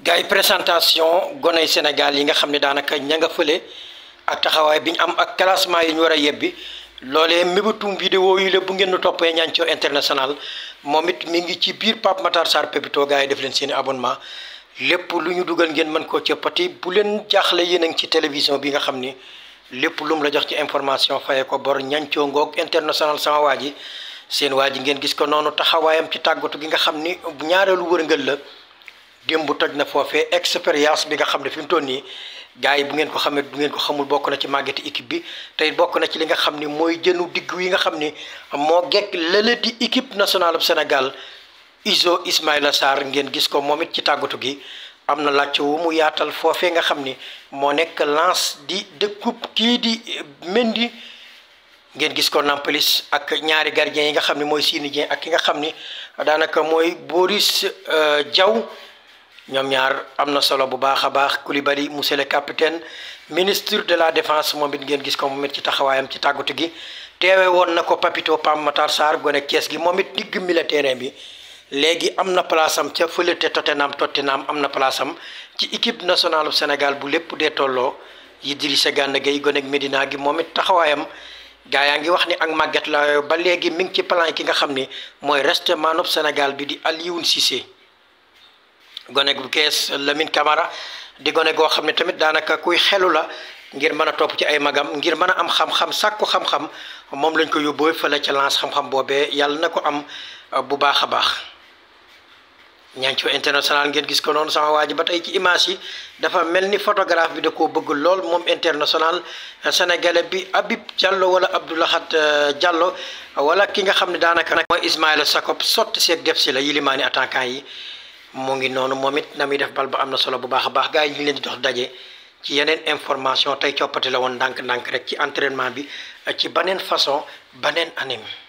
gars yi présentation goney Sénégal yi nga xam ne daanaka ña nga fële ak taxawaay bi ñu am ak classement yi ñu war a yebbi loolee mébatum vidéo yi la bu ngeen nu toppee ñancoo international moom it mi ngi ci biir Pape Matar Sarr Pépito gars yi def leen seeni abonnement lépp lu ñu dugal ngeen mën koo cëppati bu leen jaaxle yéen a ngi ci télévision bi nga xam ni lépp lu la jox ci information faye ko bor ñancoo ngoog international sama waa ji seen waa ji ngeen gis ko noonu taxawaayam ci tàggatu gi nga xam ni ñaareelu wërngël la démb toj na foofe expérience bi nga xam ne fi mu toll nii gars yi bu ngeen ko xamee bu ngeen ko xamul bokk na ci màggeti équipe bi tey bokk na ci li nga xam ni mooy jënu digg yi nga xam ni moo gekk lële di équipe nationale bu iso Izo la Sarr ngeen gis ko moom it ci tàggatu gi am na laajte wu mu yaatal foofe nga xam ni moo nekk lance di découpe kii di Mendy ngeen gis ko Nampalys ak ñaari gardien yi nga xam ne mooy Seny Dieng ak ki nga xam ni daanaka mooy Boris euh, Diaw. ñoom ñaar am na solo bu baax a baax Koulibaly monsieur le capitaine ministre de la défense moom it ngeen gis ko moom it ci taxawaayam ci tàggatu gi teewe woon na ko Papito Pam Matar Sarr gone Cees gi moom it digg milieu terrain bi léegi am na place ca fële te Tottenham Tottenham am na place am ci équipe nationale bu Sénégal bu lépp dee tolloo Idrissa Gana Gueye gone ak Medina gi moom it taxawaayam gaa yaa ngi wax ni ak màgget la ba léegi mi ngi ci plan ki nga xam ni mooy resté maanub Sénégal bi di Alioune Cissé gone gu gees Lamine Camara di gone goo xam ne tamit daanaka kuy xelu la ngir mën a topp ci ay magam ngir mën a am xam-xam sàkku xam-xam moom lañ ko yóbboo fële ca lance xam-xam boobee na ko am uh, bu baax a baax ñaanco international ngeen gis ko noonu sama waa ji ba tey ci image yi dafa mel ni photographe bi da koo bëgg lool moom international sénégalais bi Habib Diallo wala Abdoulahat uh, Diallo wala ki nga xam ne daanaka nag mooy Ismaïla Sakop sotti seeg def si la yilimaani attaquant yi moo ngi noonu moom it na muy def bal ba am na solo bu baax a baax gaa yi ñu leen di jox daje ci yeneen information tey coppati la woon ndànk-ndànk rek ci entraînement bi ci baneen façon baneen anime